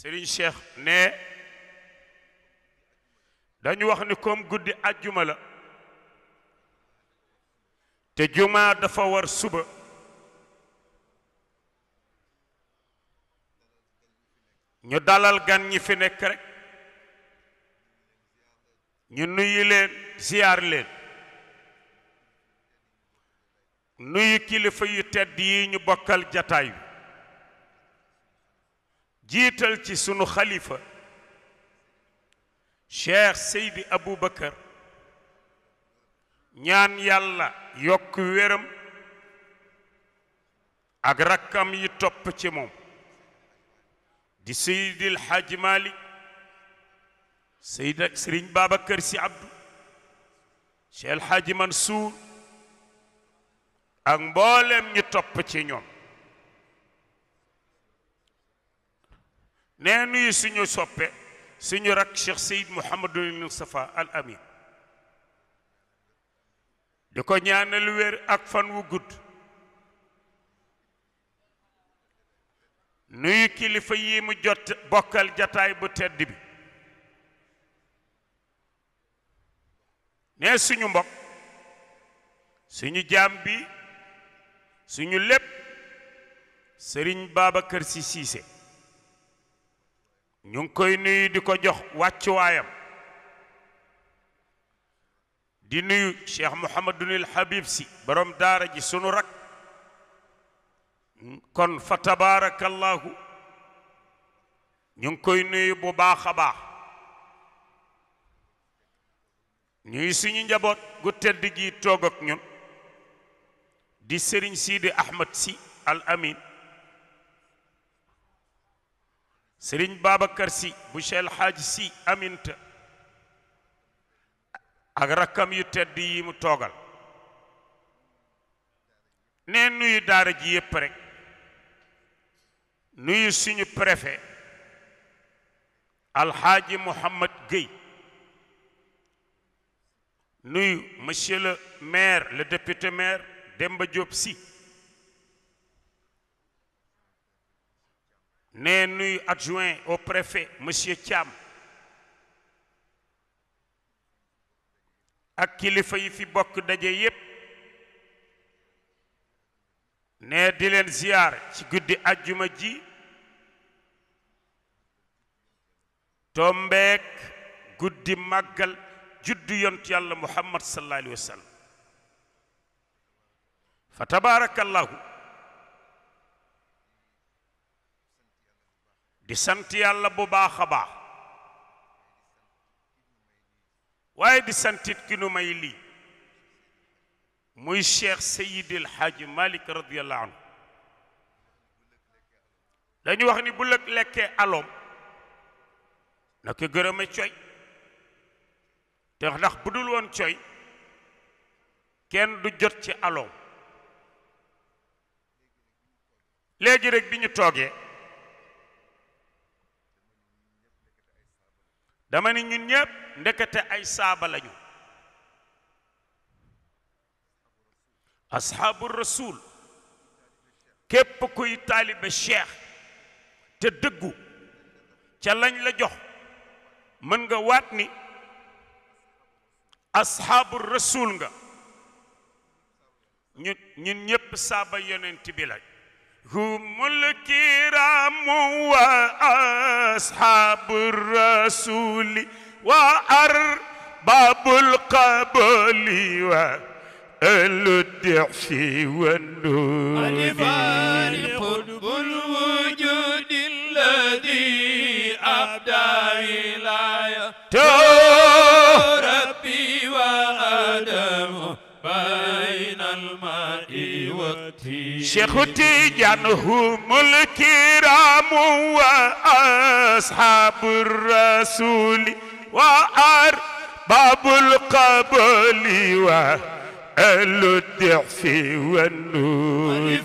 Serigne Cheikh ne dañu wax ni comme guddi ajjuma la te jumaa dafa war suba ñu dalal gan ñi fi nekk rek ñu nuyu leen ziyaar leen kilifa yu tedd yi ñu bokkal jataay bi jiital ci sunu xalifa cheikh seydi aboubacar ñaan yàlla yokk wéram ak rakkam yi topp ci moom di seydil xaaji malik seyda sëriñ babacar si abdou cheikh alxaaji mansuur ak mboolem ñu topp ci ñoom nee nuyu suñu soppe suñu rak Cheikh Seyd Mouhamadul Moustapha Al di ko ñaanal wér ak fan wu gudd nuyu kilifa yi mu jot bokkal jataay bu tedd bi nee suñu mbokk suñu jaam bi suñu lépp sëriñ kër Si Siise ñu ngi koy nuyu di ko jox wàccuwaayam di nuyu cheikh mouhamadunil habib si borom daara ji sunu rak kon fa tabarakallahu ñu ngi koy nuyu bu baax a baax ñuy suñu njaboot gu tedd gi toog ak ñun di sëriñ siidi ahmad si al amin sëriñ Babacar si bu Cheikh Hadj si aminta ak rakkam yu tedd yi mu toogal nee nuyu daar ji yépp rek nuyu suñu préfet alxaaji Mouhamad Gueye nuyu monsieur le maire le député maire Demba Diop si nee nuy adjoint au préfet monsieur Thiam ak kilifa yi fi bokk daje yépp nee di leen ziyaar ci guddi ajjuma ji tombeek guddi màggal juddu yont yàlla muhammad sallallahu alayhi fa tabaarakallahu di sant yàlla bu baax a baax waaye di santit ki nu may lii muy cheikh sayidil xaaji malik radiallahu anhu dañu wax ni bu lëg lekkee aloom na ko gërëme coy te ndax bu dul woon coy kenn du jot ci aloom léegi rek bi ñu toogee dama ni ñun ñëpp ndekete ay saaba lañu asxaabu rasul képp kuy taalibe cheikh te dëggu ca lañ la jox mën nga waat ni asxaabu rasul nga ñun ñëpp saaba yonent bi lañ هم الكرام وأصحاب الرسول وأرباب القبول وأهل الضعف والنور شيخ تيجان هم الكرام وأصحاب الرسول وأرباب القبل وأهل الضعف والنور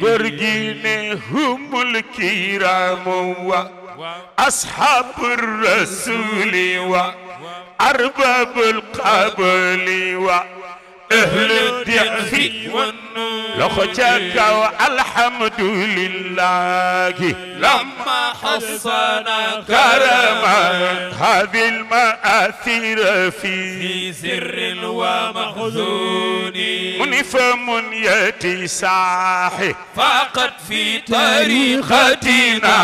góor gi ne humul kiraamu wa ashaab rasuli wa arbabul qabli wa ahlu dixfi wan nuur loxo ca kaw alhamdulillahi lama xasana karama hadil maathir fi sirrin wa maxzuni منفم ياتي ساحي فاقت في طريقتنا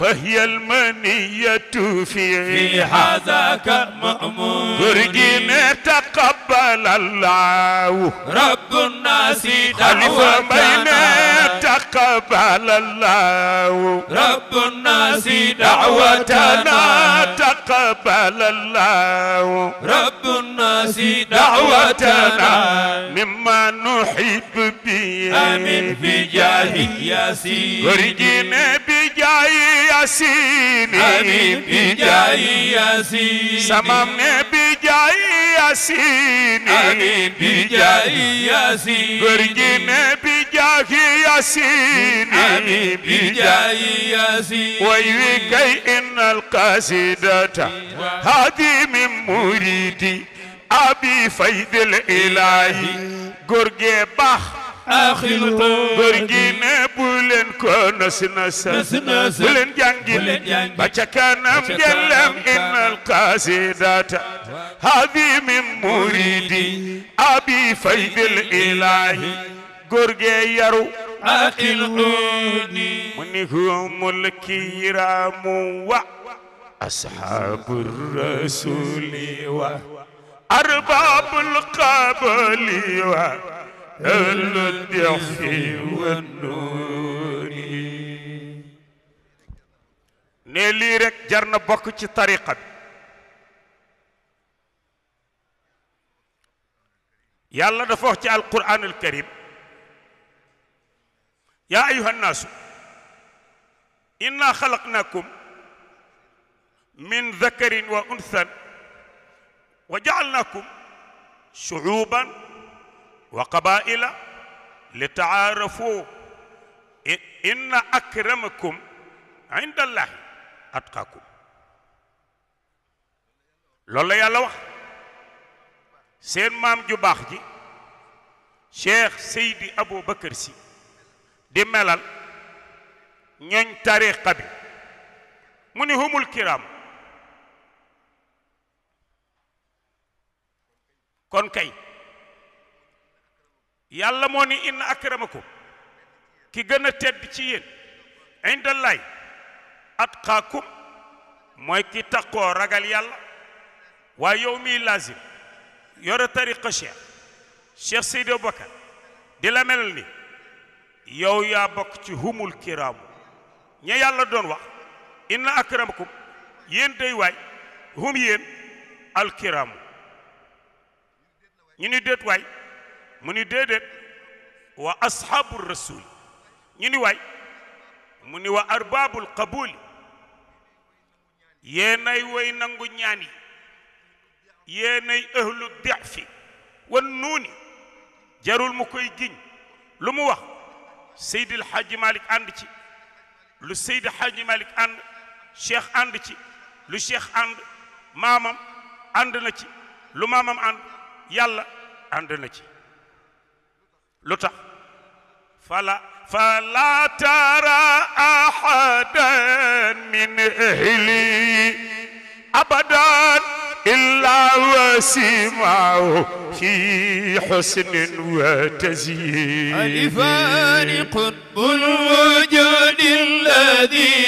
فهي المنية في هذاك مأمون برجنا تقبل الله رب الناس خليل وبينا تقبل الله ربنا سي دعوتنا تقبل الله ربنا سي دعوتنا مما نحب به امين بجاه ياسين ارجنا بجاه ياسين امين بجاه ياسين سمامنا yasin amin bi jaahi yasin gorgine bi jaahi yasin amin bi jaahi yasin way wi kay hadi min muridi abi faydil ilahi gorge baax axiltu góor gi ne ko nas nas bu leen jàngin ba ca kanam jëlam innal qasidata hadi min muridi abi faydil ilahi góor ge yaru axiluni munihumul kiramu wa ashabu rasuli wa arbabul qabli أهل الضعف والنور ne lii rek jar na bokk ci tariqa bi yàlla dafa wax ci alquran alkarim yaa ayuha nnaasu inna xalaqnaakum min dakarin wa unthan wa jaalnaakum shuuban wa qabaila li taarafu inna akramakum inda allahi atqakum loolu la yàlla wax seen maam ju baax ji cheikh seydi abou bakar si di melal ñooñ tariqa bi mu ni humul kiram kon kay yàlla moo ni inna akramakum ki gën a tedd ci yéen indallaay atqaakum mooy ki takkoo ragal yàlla waaye yow miy lazim yore tariqa cheikh cheikh Seydi Aboubacar di la melal ni yow yaa bokk ci humul kiraamu ña yàlla doon wax inna akramakum yéen day waay hum yéen alkiraamu ñu ni déet waay mu ni déedéet wa asxaabu rasul ñu ni waay mu ni wa arbaabul qabul yéenay way nangu ñaan yi yéenay ahlu difi wan nuuni jarul mu koy giñ lu mu wax Seydi la Hadji Malick ànd ci lu Seydi El Hadji Malick ànd cheikh ànd ci lu cheikh ànd maamam ànd na ci lu maamam ànd yàlla ànd na ci lu tax fala fala tara ahadan min ahli abadan illa wasimahu fi husnin wa tazyin ifani qutbul wujudi alladhi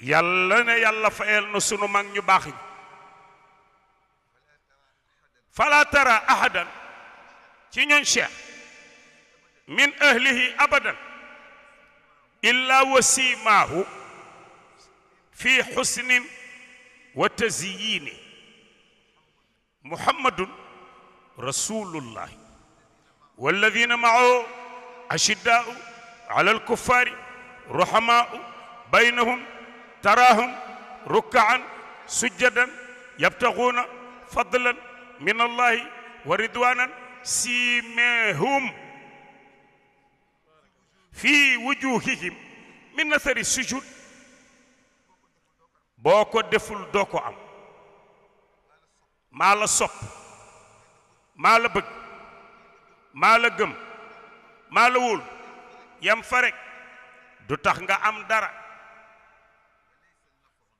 yàlla ne yàlla fayal na sunu mag ñu baax ñi fala tara ahadan ci ñoon cheikh min ahlihi abadan illa wasimaahu fi xusnin wa tazyiini muhammadun rasulullahi walladina macahu ashiddaau ala alkuffaari ruhamaau baynahum taraahum rukkaan sujjadan yabtaxuuna fadlan min allahi wa ridwanan siimeehum fii wujuhihim min nasari sujud boo ko deful doo ko am maa la sopp maa la bëgg maa la gëm maa la wóol yam fa rek du tax nga am dara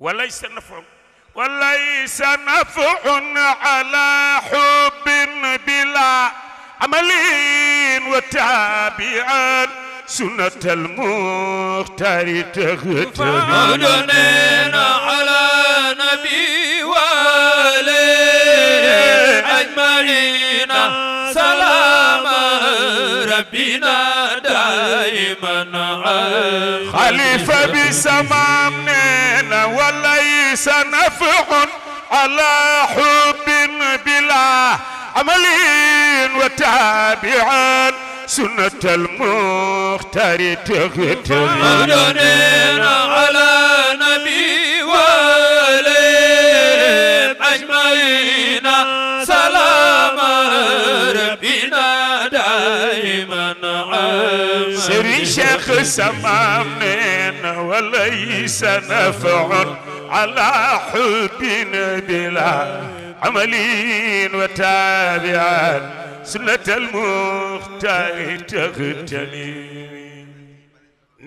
وليس نفع وليس نفع على حب بلا عمل وتابعا سنة المختار تغتنم على نبي والي أجمعين سلام ربنا دائما خليفة بسمامنا وليس نفع على حب بلا عمل وتابعا سنة المختار تختم مدننا على نبي وليم أجمعين سلام ربنا دائما عام سري شيخ سمامنا وليس نفع على حب بلا عمل وتابعا سنة المختار تغتني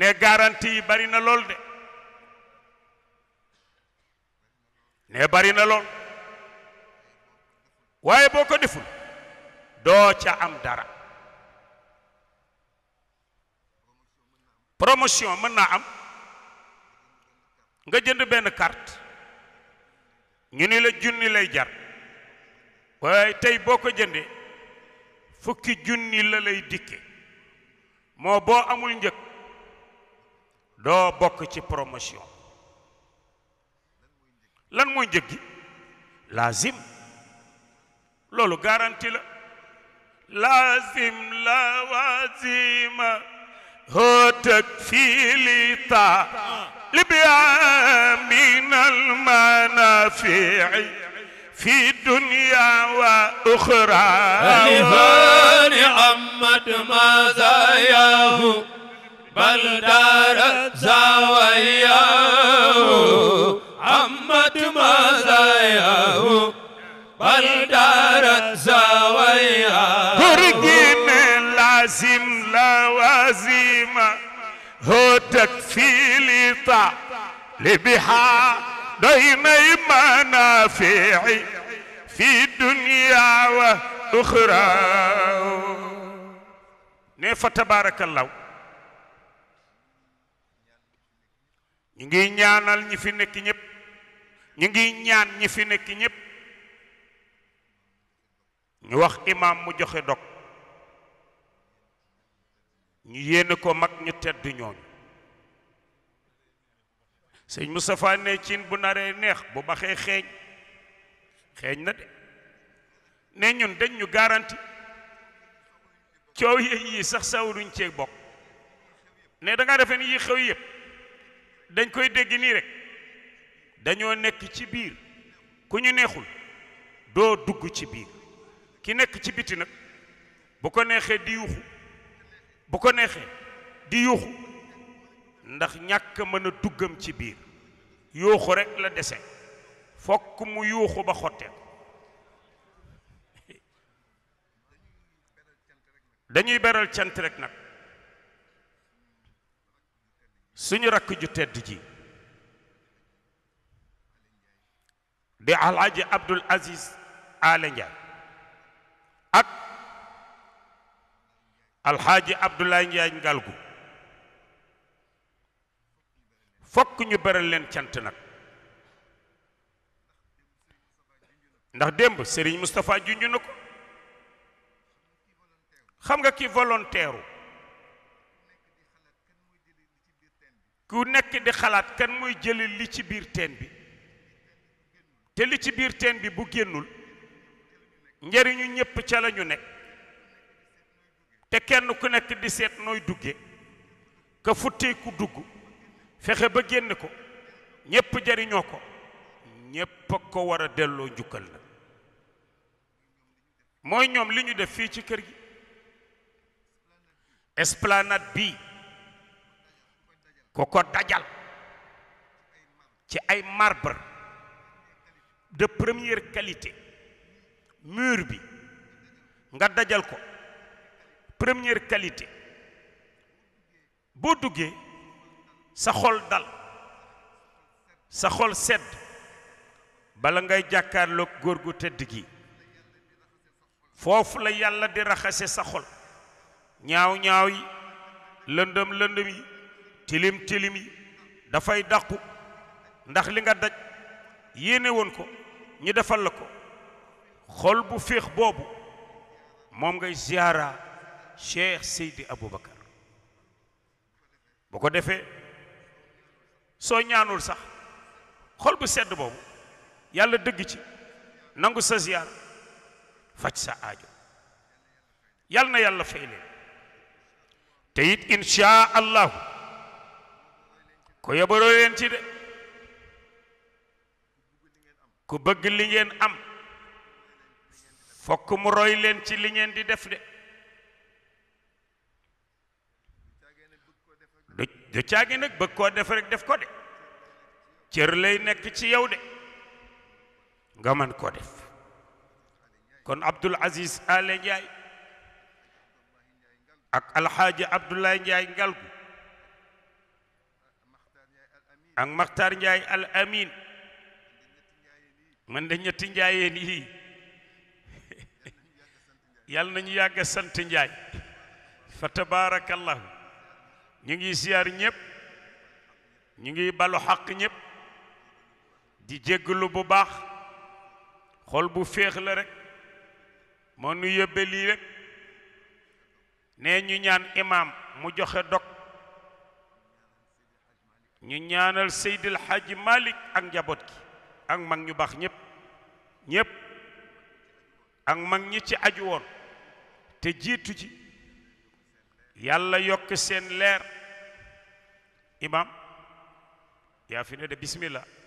ne garanti yi bari na lool de ne bari na lool waaye boo ko deful doo ca am dara promotion mën naa am nga jënd benn carte ñu ni la junni lay jar waaye tey boo ko jëndee fukki junni la lay dikke moo boo amul njëg doo bokk ci promotion lan mooy njëg gi laazim loolu garanti la laazim la waazima hoo لبيا من المنافع في الدنيا وأخرى لفان مزاياه بل دار زواياه عمت مزاياه بل دار زواياه ترجين لازم لوازم هو تكفيلي لبها دين منافعي في دنيا وأخرى نيفا تبارك الله ñu ngi ñaanal ñi fi nekk ñëpp ñu ngi ñaan ñi fi nekk ñépp ñu wax imaam mu joxe dog ñu yéene ko mag ñu tedd ñooñu sëñ Moustapha cin bu naree neex bu baxee xeeñ xeeñ na de ne ñun dañ ñu garanti coow yéeg yi sax sawaruñ cee bokk ne danga ngaa ni yi xew yëpp dañ koy dégg nii rek dañoo nekk ci biir ku ñu neexul doo dugg ci biir ki nekk ci biti nag bu ko neexee di yuuxu bu ko neexee di yuuxu ndax ñàkk mën a duggam ci biir yuuxu rekk la dese fokk mu yuuxu ba xotteel dañuy beral cant rekk nag suñu rakk ju tedd ji di alaaji Abdul Aziz Aale Njaay alxaaji abdoulaye Ndiaye ngalgu fokk ñu beral leen cant nag ndax démb mustafaa Moustapha ñu na ko xam nga ki volontaire ku nekk di xalaat kenn mooy jële li ci biir teen bi te li ci biir teen bi bu génnul njariñu ñépp ca la ñu nekk te kenn ku nekk di seet nooy dugge ka futteeku dugg fexe ba génn ko ñépp jariñoo ko ñépp a ko war a delloo njukkal la mooy ñoom li ñu def fii ci kër gi esplanade bi ku ko dajal ci ay marbre de première qualité mur bi nga dajal ko première qualité boo duggee sa xol dal sa xol sedd bala ngay jàkkaarloog góor gu tëdd gi foofu la yàlla di raxase sa xol ñaaw ñaaw yi lëndëm lëndëm yi tilim tilim yi dafay dàqu ndax li nga daj yéene woon ko ñu defal la ko xol bu féex boobu moom ngay ziyaara cheikh seydi aboubacar bu ko defee soo ñaanul sax xol bu sedd boobu yàlla dëgg ci nangu sa ziyaar faj sa aajo yàlla na yàlla fay leen te it allahu ko yabaroo leen ci de ku bëgg li am fokk mu roy leen ci li di def de du nag bëgg koo def rek def ko de cër lay nekk ci yow de nga man koo def kon Abdul Aziz Ale Njaay ak alxaaji Abdoulaye Njaay ngalgu ak Maxtaar Njaay al amin man de ñetti njaayeen yii yàlla nañu yàgg sant njaay fa tabaarakallahu ñu ngi siyaar ñëpp ñu ngi balu xaq ñëpp di jégglu bu baax xol bu féex la rek moo nu yóbbe lii rek nee ñu ñaan imaam mu joxe dog ñu ñaanal Seydil Hadji malik ak njaboot gi ak mag ñu baax ñëpp ñëpp ak mag ñi ci aju woon te jiitu ci yàlla yokk seen leer imam yaa fi ne de bismillah